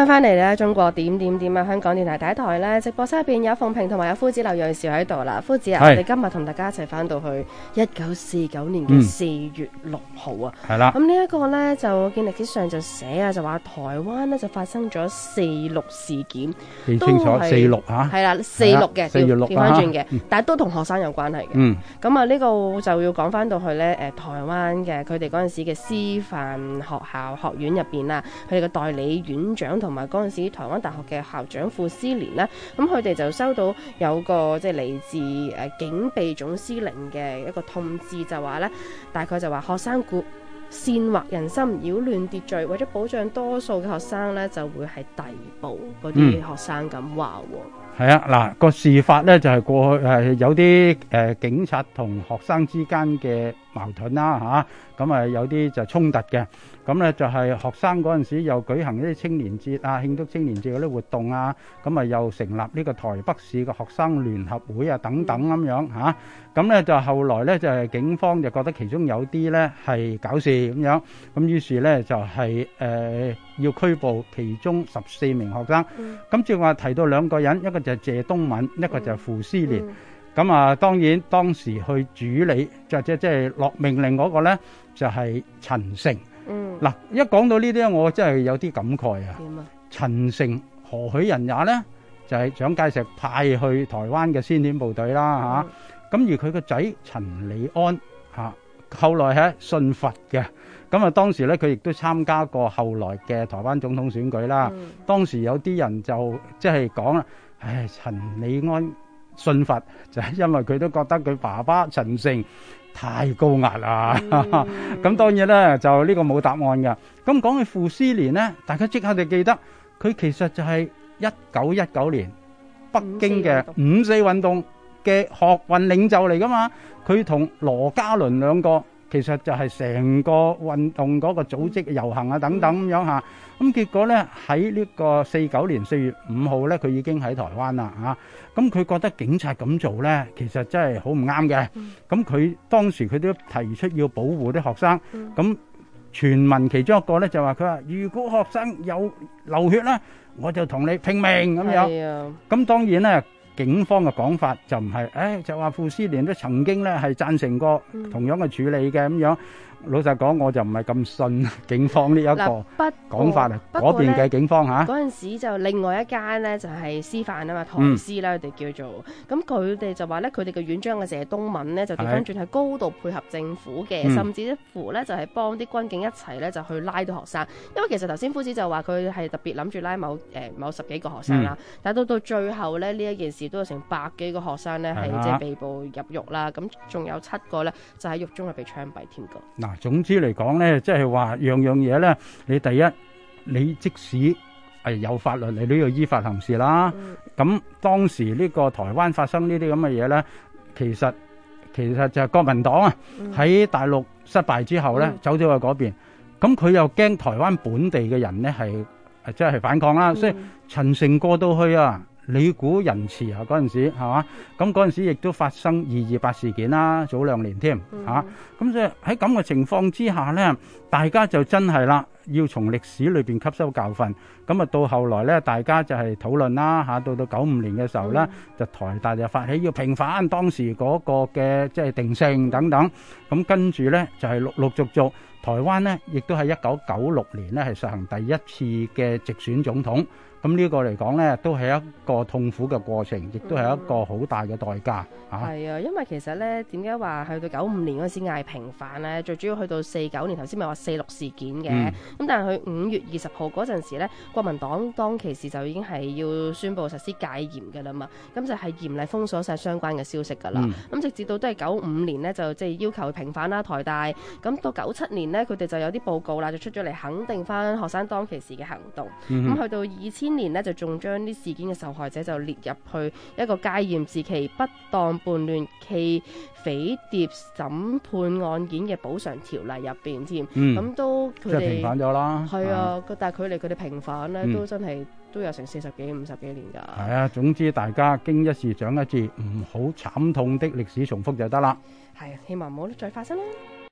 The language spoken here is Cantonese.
翻翻嚟咧，中國點點點啊！香港電台第一台咧，直播室入邊有鳳萍同埋有夫子劉瑞兆喺度啦。夫子啊，我哋今日同大家一齊翻到去一九四九年嘅四月六號啊。係啦。咁呢一個咧就見歷史上就寫啊，就話台灣咧就發生咗四六事件。清楚。四六嚇。係啦，四六嘅。四月六嚇。翻轉嘅，但係都同學生有關係嘅。咁啊，呢個就要講翻到去咧，誒，台灣嘅佢哋嗰陣時嘅師範學校學院入邊啊，佢哋嘅代理院長同，同埋嗰陣時，台灣大學嘅校長傅斯年呢，咁佢哋就收到有個即係嚟自誒警備總司令嘅一個通知，就話呢大概就話學生故煽惑人心、擾亂秩序，為咗保障多數嘅學生呢，就會係逮捕嗰啲學生咁話。嗯係啊，嗱個、嗯嗯、事發咧就係、是、過去係、呃、有啲誒警察同學生之間嘅矛盾啦吓，咁啊、嗯嗯、有啲就衝突嘅，咁咧就係學生嗰陣時又舉行一啲青年節啊慶祝青年節嗰啲活動啊，咁、嗯、啊又成立呢個台北市嘅學生聯合會啊等等咁樣吓，咁咧就後來咧就係、是、警方就覺得其中有啲咧係搞事咁樣，咁、嗯、於是咧就係、是、誒。嗯嗯要拘捕其中十四名學生，咁正話提到兩個人，一個就係謝東敏，一個就係傅斯年。咁啊、嗯，嗯、當然當時去主理，就即即係落命令嗰個咧，就係、是、陳誠。嗱、嗯，一講到呢啲，我真係有啲感慨啊。啊陳誠何許人也咧？就係、是、蔣介石派去台灣嘅先遣部隊啦、啊、嚇。咁、嗯啊、而佢個仔陳理安嚇。啊後來係信佛嘅咁啊，當時咧佢亦都參加過後來嘅台灣總統選舉啦。當時有啲人就即係講啦，唉，陳履安信佛就係因為佢都覺得佢爸爸陳誠太高壓啊。咁當然咧就呢個冇答案㗎。咁講起傅斯年咧，大家即刻就記得佢其實就係一九一九年北京嘅五四運動。嘅學運領袖嚟㗎嘛？佢同羅家倫兩個其實就係成個運動嗰個組織、遊行啊等等咁樣吓。咁結果呢喺呢個四九年四月五號呢，佢已經喺台灣啦吓。咁佢覺得警察咁做呢，其實真係好唔啱嘅。咁佢當時佢都提出要保護啲學生。咁傳聞其中一個呢就話佢話：如果學生有流血呢，我就同你拼命咁樣。咁當然呢。警方嘅講法就唔係誒就話傅斯年都曾經咧係讚成過同樣嘅處理嘅咁樣老實講我就唔係咁信警方呢一個不講法啊。嗰邊嘅警方吓陣時就另外一間咧就係師範啊嘛，臺師啦佢哋叫做。咁佢哋就話咧，佢哋嘅院長嘅謝東閔咧就調翻轉係高度配合政府嘅，甚至乎咧就係幫啲軍警一齊咧就去拉到學生。因為其實頭先傅斯就話佢係特別諗住拉某誒某十幾個學生啦，但到到最後咧呢一件事。都有成百幾個學生咧，係即係被捕入獄啦。咁仲有七個咧，就喺獄中係被槍斃添㗎。嗱，總之嚟講咧，即係話樣樣嘢咧，你第一，你即使係有法律，你都要依法行事啦。咁當時呢個台灣發生呢啲咁嘅嘢咧，其實其實就係國民黨啊，喺大陸失敗之後咧，走咗去嗰邊。咁佢又驚台灣本地嘅人咧係，誒即係反抗啦。所以陳誠過到去啊。你估人辭啊，嗰陣時係嘛？咁嗰陣時亦都發生二二八事件啦、啊，早兩年添嚇。咁所以喺咁嘅情況之下咧，大家就真係啦。要從歷史裏邊吸收教訓，咁啊到後來咧，大家就係討論啦嚇，到到九五年嘅時候啦，就台大就發起要平反當時嗰個嘅即係定性等等，咁跟住咧就係陸陸續續，台灣咧亦都喺一九九六年咧係實行第一次嘅直選總統，咁呢個嚟講咧都係一個痛苦嘅過程，亦都係一個好大嘅代價嚇。係啊，因為其實咧點解話去到九五年嗰陣時嗌平反咧，最主要去到四九年頭先咪話四六事件嘅。咁但係佢五月二十號嗰陣時呢，國民黨當其時就已經係要宣布實施戒嚴嘅啦嘛，咁就係嚴厲封鎖晒相關嘅消息㗎啦。咁、嗯、直至到都係九五年呢就即係要求平反啦台大。咁到九七年呢佢哋就有啲報告啦，就出咗嚟肯定翻學生當其時嘅行動。咁、嗯、哼去到二千年呢就仲將啲事件嘅受害者就列入去一個戒嚴時期不當叛亂企。匪諜審判案件嘅補償條例入邊，添咁、嗯、都佢哋即係平反咗啦。係啊，但係距離佢哋平反咧，嗯、都真係都有成四十幾、五十幾年噶。係啊，總之大家經一事，長一智，唔好慘痛的歷史重複就得啦。係、啊，希望唔好再發生啦。